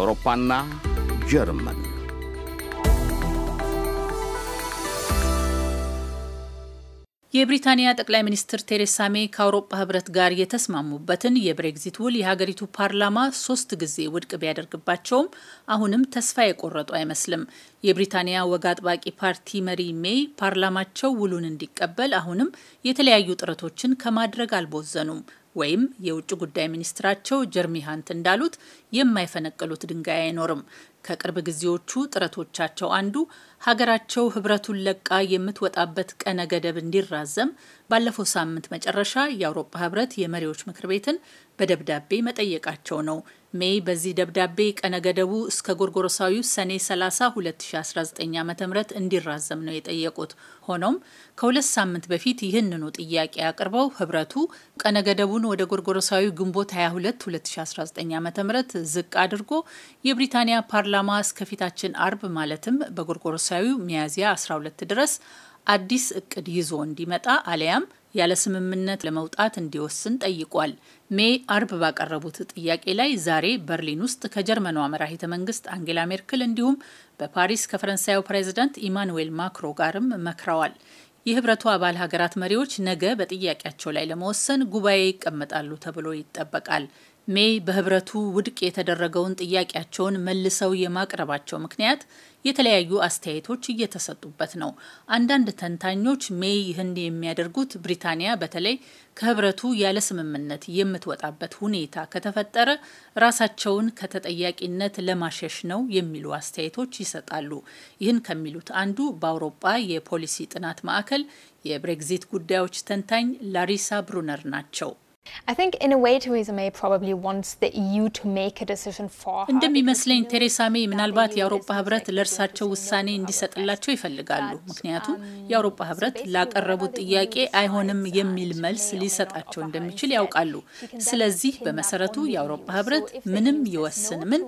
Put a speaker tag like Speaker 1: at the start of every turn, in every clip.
Speaker 1: አውሮፓና ጀርመን
Speaker 2: የብሪታንያ ጠቅላይ ሚኒስትር ቴሬሳ ሜይ ከአውሮፓ ህብረት ጋር የተስማሙበትን የብሬግዚት ውል የሀገሪቱ ፓርላማ ሶስት ጊዜ ውድቅ ቢያደርግባቸውም አሁንም ተስፋ የቆረጡ አይመስልም። የብሪታንያ ወግ አጥባቂ ፓርቲ መሪ ሜይ ፓርላማቸው ውሉን እንዲቀበል አሁንም የተለያዩ ጥረቶችን ከማድረግ አልቦዘኑም። ወይም የውጭ ጉዳይ ሚኒስትራቸው ጀርሚ ሀንት እንዳሉት የማይፈነቅሉት ድንጋይ አይኖርም። ከቅርብ ጊዜዎቹ ጥረቶቻቸው አንዱ ሀገራቸው ህብረቱን ለቃ የምትወጣበት ቀነ ገደብ እንዲራዘም ባለፈው ሳምንት መጨረሻ የአውሮፓ ህብረት የመሪዎች ምክር ቤትን በደብዳቤ መጠየቃቸው ነው። ሜይ በዚህ ደብዳቤ ቀነ ገደቡ እስከ ጎርጎሮሳዊው ሰኔ 30 2019 ዓ ም እንዲራዘም ነው የጠየቁት። ሆኖም ከሁለት ሳምንት በፊት ይህንኑ ጥያቄ አቅርበው ህብረቱ ቀነ ገደቡን ወደ ጎርጎሮሳዊ ግንቦት 22 2019 ዓ ም ዝቅ አድርጎ የብሪታንያ ፓርላማ እስከፊታችን አርብ ማለትም በጎርጎሮሳዊው ሚያዝያ 12 ድረስ አዲስ እቅድ ይዞ እንዲመጣ አሊያም ያለ ስምምነት ለመውጣት እንዲወስን ጠይቋል። ሜይ አርብ ባቀረቡት ጥያቄ ላይ ዛሬ በርሊን ውስጥ ከጀርመኗ መራሂተ መንግስት አንጌላ ሜርክል እንዲሁም በፓሪስ ከፈረንሳዩ ፕሬዚዳንት ኢማኑዌል ማክሮ ጋርም መክረዋል። የህብረቱ አባል ሀገራት መሪዎች ነገ በጥያቄያቸው ላይ ለመወሰን ጉባኤ ይቀመጣሉ ተብሎ ይጠበቃል። ሜይ በህብረቱ ውድቅ የተደረገውን ጥያቄያቸውን መልሰው የማቅረባቸው ምክንያት የተለያዩ አስተያየቶች እየተሰጡበት ነው። አንዳንድ ተንታኞች ሜይ ይህን የሚያደርጉት ብሪታንያ በተለይ ከህብረቱ ያለ ስምምነት የምትወጣበት ሁኔታ ከተፈጠረ ራሳቸውን ከተጠያቂነት ለማሸሽ ነው የሚሉ አስተያየቶች ይሰጣሉ። ይህን ከሚሉት አንዱ በአውሮጳ የፖሊሲ ጥናት ማዕከል የብሬግዚት ጉዳዮች ተንታኝ ላሪሳ ብሩነር ናቸው። E እንደሚመስለኝ ቴሬሳ ሜይ ምናልባት e የአውሮፓ ህብረት ለእርሳቸው ውሳኔ እንዲሰጥላቸው ይፈልጋሉ። ምክንያቱም um, የአውሮፓ ህብረት ላቀረቡት ጥያቄ e አይሆንም የሚል መልስ ሊሰጣቸው እንደሚችል ያውቃሉ። ስለዚህ በመሰረቱ የአውሮፓ ህብረት ምንም ይወስን ምን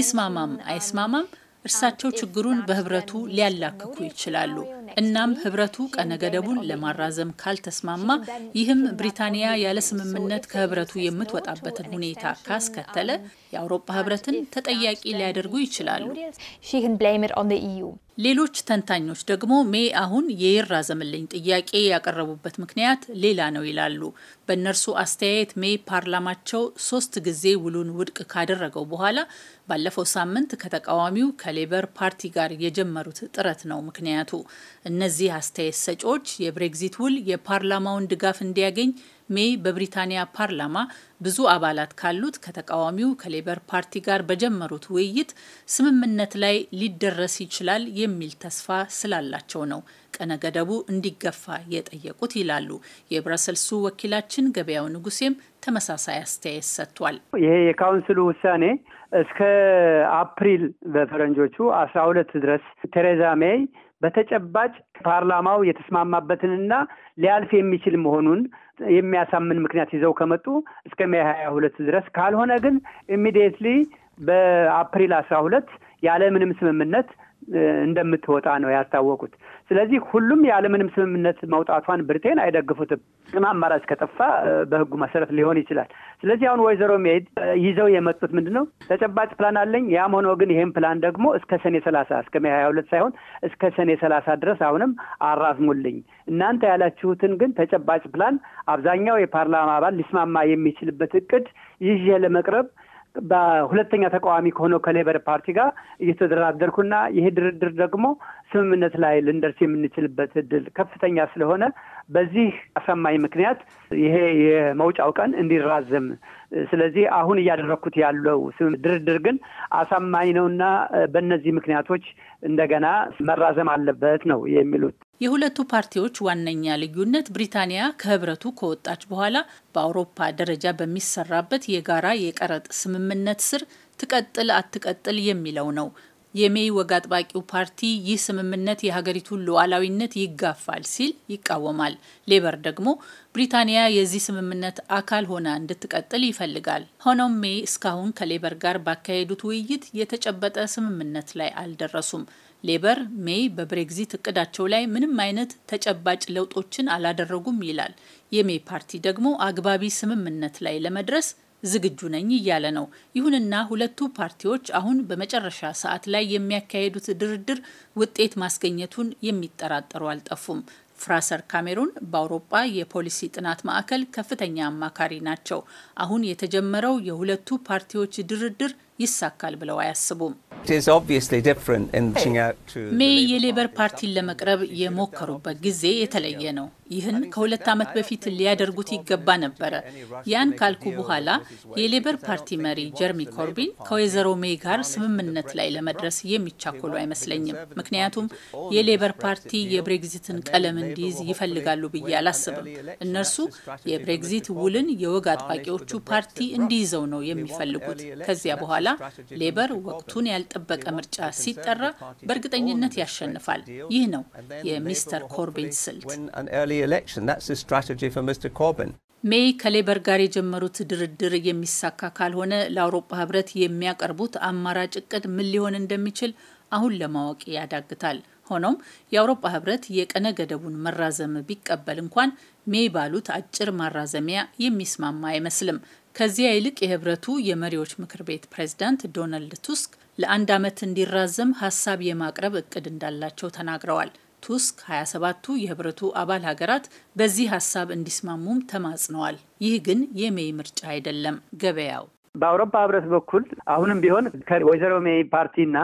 Speaker 2: ይስማማም um, አይስማማም እርሳቸው um, ችግሩን በህብረቱ ሊያላክኩ ይችላሉ። እናም ህብረቱ ቀነገደቡን ለማራዘም ካልተስማማ ይህም ብሪታንያ ያለ ስምምነት ከህብረቱ የምትወጣበትን ሁኔታ ካስከተለ የአውሮፓ ህብረትን ተጠያቂ ሊያደርጉ ይችላሉ። e ሌሎች ተንታኞች ደግሞ ሜ አሁን የይራዘምልኝ ጥያቄ ያቀረቡበት ምክንያት ሌላ ነው ይላሉ። በእነርሱ አስተያየት ሜ ፓርላማቸው ሶስት ጊዜ ውሉን ውድቅ ካደረገው በኋላ ባለፈው ሳምንት ከተቃዋሚው ከሌበር ፓርቲ ጋር የጀመሩት ጥረት ነው ምክንያቱ። እነዚህ አስተያየት ሰጪዎች የብሬግዚት ውል የፓርላማውን ድጋፍ እንዲያገኝ ሜይ በብሪታንያ ፓርላማ ብዙ አባላት ካሉት ከተቃዋሚው ከሌበር ፓርቲ ጋር በጀመሩት ውይይት ስምምነት ላይ ሊደረስ ይችላል የሚል ተስፋ ስላላቸው ነው ቀነ ገደቡ እንዲገፋ የጠየቁት ይላሉ። የብረሰልሱ ወኪላችን ገበያው ንጉሴም ተመሳሳይ አስተያየት ሰጥቷል።
Speaker 1: ይሄ የካውንስሉ ውሳኔ እስከ አፕሪል በፈረንጆቹ አስራ ሁለት ድረስ ቴሬዛ ሜይ በተጨባጭ ፓርላማው የተስማማበትንና ሊያልፍ የሚችል መሆኑን የሚያሳምን ምክንያት ይዘው ከመጡ እስከ ሜ ሀያ ሁለት ድረስ ካልሆነ ግን ኢሚዲየትሊ በአፕሪል አስራ ሁለት ያለምንም ስምምነት እንደምትወጣ ነው ያስታወቁት። ስለዚህ ሁሉም ያለምንም ስምምነት መውጣቷን ብሪቴን አይደግፉትም፣ ግን አማራጭ ከጠፋ በህጉ መሰረት ሊሆን ይችላል። ስለዚህ አሁን ወይዘሮ ሜድ ይዘው የመጡት ምንድን ነው ተጨባጭ ፕላን አለኝ። ያም ሆኖ ግን ይህም ፕላን ደግሞ እስከ ሰኔ ሰላሳ እስከ ሜ ሀያ ሁለት ሳይሆን እስከ ሰኔ ሰላሳ ድረስ አሁንም አራዝሙልኝ። እናንተ ያላችሁትን ግን ተጨባጭ ፕላን አብዛኛው የፓርላማ አባል ሊስማማ የሚችልበት እቅድ ይዤ ለመቅረብ በሁለተኛ ተቃዋሚ ከሆነው ከሌበር ፓርቲ ጋር እየተደራደርኩና ይሄ ድርድር ደግሞ ስምምነት ላይ ልንደርስ የምንችልበት እድል ከፍተኛ ስለሆነ በዚህ አሳማኝ ምክንያት ይሄ የመውጫው ቀን እንዲራዘም ስለዚህ አሁን እያደረግኩት ያለው ድርድር ግን አሳማኝ ነውና በእነዚህ ምክንያቶች እንደገና መራዘም አለበት ነው የሚሉት
Speaker 2: የሁለቱ ፓርቲዎች ዋነኛ ልዩነት ብሪታንያ ከህብረቱ ከወጣች በኋላ በአውሮፓ ደረጃ በሚሰራበት የጋራ የቀረጥ ስምምነት ስር ትቀጥል አትቀጥል የሚለው ነው። የሜይ ወግ አጥባቂው ፓርቲ ይህ ስምምነት የሀገሪቱን ሉዓላዊነት ይጋፋል ሲል ይቃወማል። ሌበር ደግሞ ብሪታንያ የዚህ ስምምነት አካል ሆና እንድትቀጥል ይፈልጋል። ሆኖም ሜይ እስካሁን ከሌበር ጋር ባካሄዱት ውይይት የተጨበጠ ስምምነት ላይ አልደረሱም። ሌበር ሜይ በብሬግዚት እቅዳቸው ላይ ምንም አይነት ተጨባጭ ለውጦችን አላደረጉም ይላል። የሜይ ፓርቲ ደግሞ አግባቢ ስምምነት ላይ ለመድረስ ዝግጁ ነኝ እያለ ነው። ይሁንና ሁለቱ ፓርቲዎች አሁን በመጨረሻ ሰዓት ላይ የሚያካሄዱት ድርድር ውጤት ማስገኘቱን የሚጠራጠሩ አልጠፉም። ፍራሰር ካሜሩን በአውሮጳ የፖሊሲ ጥናት ማዕከል ከፍተኛ አማካሪ ናቸው። አሁን የተጀመረው የሁለቱ ፓርቲዎች ድርድር ይሳካል ብለው አያስቡም። ሜይ የሌበር ፓርቲን ለመቅረብ የሞከሩበት ጊዜ የተለየ ነው። ይህን ከሁለት ዓመት በፊት ሊያደርጉት ይገባ ነበረ። ያን ካልኩ በኋላ የሌበር ፓርቲ መሪ ጀርሚ ኮርቢን ከወይዘሮ ሜይ ጋር ስምምነት ላይ ለመድረስ የሚቻኮሉ አይመስለኝም። ምክንያቱም የሌበር ፓርቲ የብሬግዚትን ቀለም እንዲይዝ ይፈልጋሉ ብዬ አላስብም። እነርሱ የብሬግዚት ውልን የወግ አጥባቂዎቹ ፓርቲ እንዲይዘው ነው የሚፈልጉት። ከዚያ በኋላ ሌበር ወቅቱን ያልጠበቀ ምርጫ ሲጠራ በእርግጠኝነት ያሸንፋል። ይህ ነው የሚስተር ኮርቢን ስልት። ሜይ ከሌበር ጋር የጀመሩት ድርድር የሚሳካ ካልሆነ ለአውሮፓ ሕብረት የሚያቀርቡት አማራጭ እቅድ ምን ሊሆን እንደሚችል አሁን ለማወቅ ያዳግታል። ሆኖም የአውሮፓ ህብረት የቀነ ገደቡን መራዘም ቢቀበል እንኳን ሜይ ባሉት አጭር ማራዘሚያ የሚስማማ አይመስልም። ከዚያ ይልቅ የህብረቱ የመሪዎች ምክር ቤት ፕሬዝዳንት ዶናልድ ቱስክ ለአንድ ዓመት እንዲራዘም ሀሳብ የማቅረብ እቅድ እንዳላቸው ተናግረዋል። ቱስክ 27ቱ የህብረቱ አባል ሀገራት በዚህ ሀሳብ እንዲስማሙም ተማጽነዋል። ይህ ግን የሜይ ምርጫ አይደለም። ገበያው
Speaker 1: በአውሮፓ ህብረት በኩል አሁንም ቢሆን ከወይዘሮ ሜይ ፓርቲና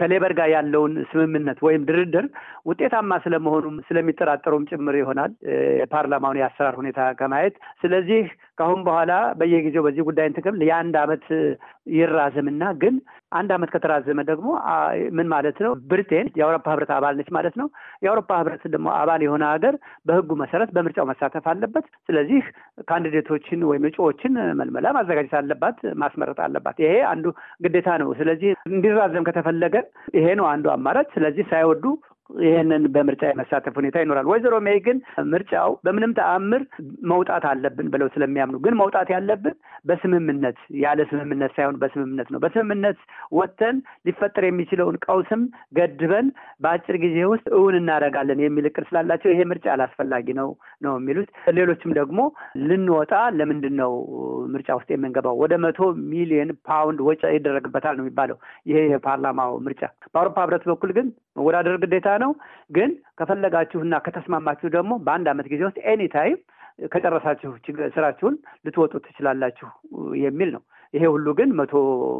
Speaker 1: ከሌበር ጋር ያለውን ስምምነት ወይም ድርድር ውጤታማ ስለመሆኑም ስለሚጠራጠሩም ጭምር ይሆናል የፓርላማውን የአሰራር ሁኔታ ከማየት ስለዚህ ከአሁን በኋላ በየጊዜው በዚህ ጉዳይ እንትክም የአንድ አመት ይራዘምና ግን አንድ አመት ከተራዘመ ደግሞ ምን ማለት ነው? ብሪቴን የአውሮፓ ህብረት አባል ነች ማለት ነው። የአውሮፓ ህብረት ደግሞ አባል የሆነ ሀገር በህጉ መሰረት በምርጫው መሳተፍ አለበት። ስለዚህ ካንዲዴቶችን ወይም እጩዎችን መልመላ ማዘጋጀት አለባት፣ ማስመረጥ አለባት። ይሄ አንዱ ግዴታ ነው። ስለዚህ እንዲራዘም ከተፈለገ ይሄ ነው አንዱ አማራጭ። ስለዚህ ሳይወዱ ይህንን በምርጫ የመሳተፍ ሁኔታ ይኖራል። ወይዘሮ ሜይ ግን ምርጫው በምንም ተአምር መውጣት አለብን ብለው ስለሚያምኑ ግን መውጣት ያለብን በስምምነት ያለ ስምምነት ሳይሆን በስምምነት ነው። በስምምነት ወጥተን ሊፈጠር የሚችለውን ቀውስም ገድበን በአጭር ጊዜ ውስጥ እውን እናደርጋለን የሚል እቅድ ስላላቸው ይሄ ምርጫ አላስፈላጊ ነው ነው የሚሉት። ሌሎችም ደግሞ ልንወጣ ለምንድን ነው ምርጫ ውስጥ የምንገባው? ወደ መቶ ሚሊዮን ፓውንድ ወጪ ይደረግበታል ነው የሚባለው ይሄ የፓርላማው ምርጫ። በአውሮፓ ህብረት በኩል ግን መወዳደር ግዴታ ነው። ግን ከፈለጋችሁና ከተስማማችሁ ደግሞ በአንድ አመት ጊዜ ውስጥ ኤኒ ታይም ከጨረሳችሁ ስራችሁን ልትወጡ ትችላላችሁ የሚል ነው። ይሄ ሁሉ ግን መቶ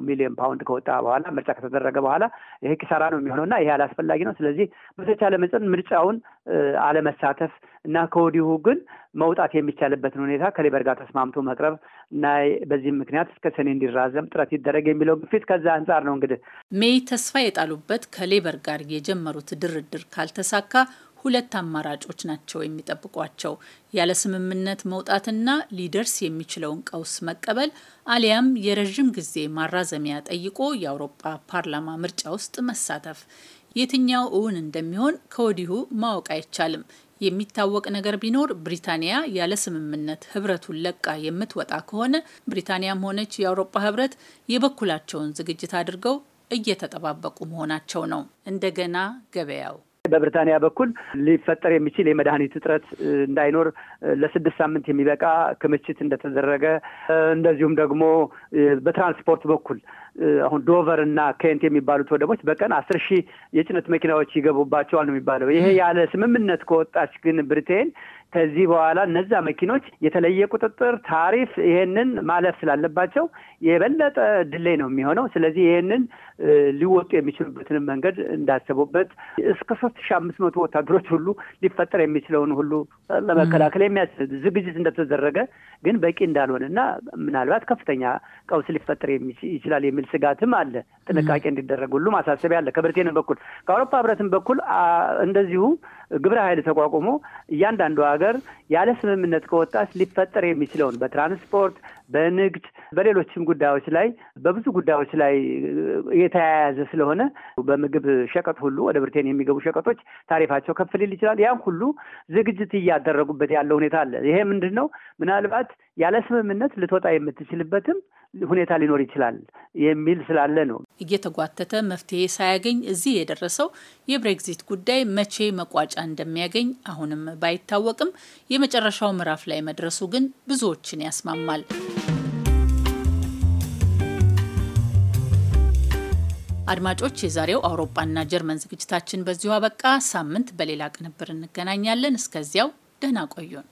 Speaker 1: ሚሊዮን ፓውንድ ከወጣ በኋላ ምርጫ ከተደረገ በኋላ ይሄ ኪሳራ ነው የሚሆነውና ይሄ አላስፈላጊ ነው። ስለዚህ በተቻለ መጠን ምርጫውን አለመሳተፍ እና ከወዲሁ ግን መውጣት የሚቻልበትን ሁኔታ ከሌበር ጋር ተስማምቶ መቅረብ እና በዚህም ምክንያት እስከ ሰኔ እንዲራዘም ጥረት ይደረግ የሚለው ግፊት ከዛ አንጻር ነው። እንግዲህ ሜይ ተስፋ የጣሉበት ከሌበር ጋር
Speaker 2: የጀመሩት ድርድር ካልተሳካ ሁለት አማራጮች ናቸው የሚጠብቋቸው፤ ያለ ስምምነት መውጣትና ሊደርስ የሚችለውን ቀውስ መቀበል አሊያም የረዥም ጊዜ ማራዘሚያ ጠይቆ የአውሮፓ ፓርላማ ምርጫ ውስጥ መሳተፍ። የትኛው እውን እንደሚሆን ከወዲሁ ማወቅ አይቻልም። የሚታወቅ ነገር ቢኖር ብሪታንያ ያለ ስምምነት ህብረቱን ለቃ የምትወጣ ከሆነ ብሪታንያም ሆነች የአውሮፓ ህብረት የበኩላቸውን ዝግጅት አድርገው እየተጠባበቁ መሆናቸው ነው። እንደገና ገበያው
Speaker 1: በብሪታንያ በኩል ሊፈጠር የሚችል የመድኃኒት እጥረት እንዳይኖር ለስድስት ሳምንት የሚበቃ ክምችት እንደተደረገ እንደዚሁም ደግሞ በትራንስፖርት በኩል አሁን ዶቨር እና ኬንት የሚባሉት ወደቦች በቀን አስር ሺህ የጭነት መኪናዎች ይገቡባቸዋል ነው የሚባለው። ይሄ ያለ ስምምነት ከወጣች ግን ብሪቴን ከዚህ በኋላ እነዛ መኪኖች የተለየ ቁጥጥር፣ ታሪፍ ይሄንን ማለፍ ስላለባቸው የበለጠ ድሌ ነው የሚሆነው። ስለዚህ ይሄንን ሊወጡ የሚችሉበትንም መንገድ እንዳሰቡበት እስከ ሶስት ሺ አምስት መቶ ወታደሮች ሁሉ ሊፈጠር የሚችለውን ሁሉ ለመከላከል የሚያስችል ዝግጅት እንደተደረገ ግን በቂ እንዳልሆነ እና ምናልባት ከፍተኛ ቀውስ ሊፈጠር ይችላል የሚል የሚል ስጋትም አለ። ጥንቃቄ እንዲደረግ ሁሉ ማሳሰቢያ አለ ከብሪቴንን በኩል ከአውሮፓ ህብረትን በኩል እንደዚሁ ግብረ ኃይል ተቋቁሞ እያንዳንዱ ሀገር ያለ ስምምነት ከወጣት ሊፈጠር የሚችለውን በትራንስፖርት፣ በንግድ፣ በሌሎችም ጉዳዮች ላይ በብዙ ጉዳዮች ላይ የተያያዘ ስለሆነ በምግብ ሸቀጥ ሁሉ ወደ ብሪቴን የሚገቡ ሸቀጦች ታሪፋቸው ከፍ ሊል ይችላል። ያም ሁሉ ዝግጅት እያደረጉበት ያለው ሁኔታ አለ። ይሄ ምንድን ነው? ምናልባት ያለ ስምምነት ልትወጣ የምትችልበትም ሁኔታ ሊኖር ይችላል የሚል ስላለ ነው።
Speaker 2: እየተጓተተ መፍትሄ ሳያገኝ እዚህ የደረሰው የብሬግዚት ጉዳይ መቼ መቋጫ እንደሚያገኝ አሁንም ባይታወቅም የመጨረሻው ምዕራፍ ላይ መድረሱ ግን ብዙዎችን ያስማማል። አድማጮች፣ የዛሬው አውሮፓና ጀርመን ዝግጅታችን በዚሁ አበቃ። ሳምንት በሌላ ቅንብር እንገናኛለን። እስከዚያው ደህና ቆዩን።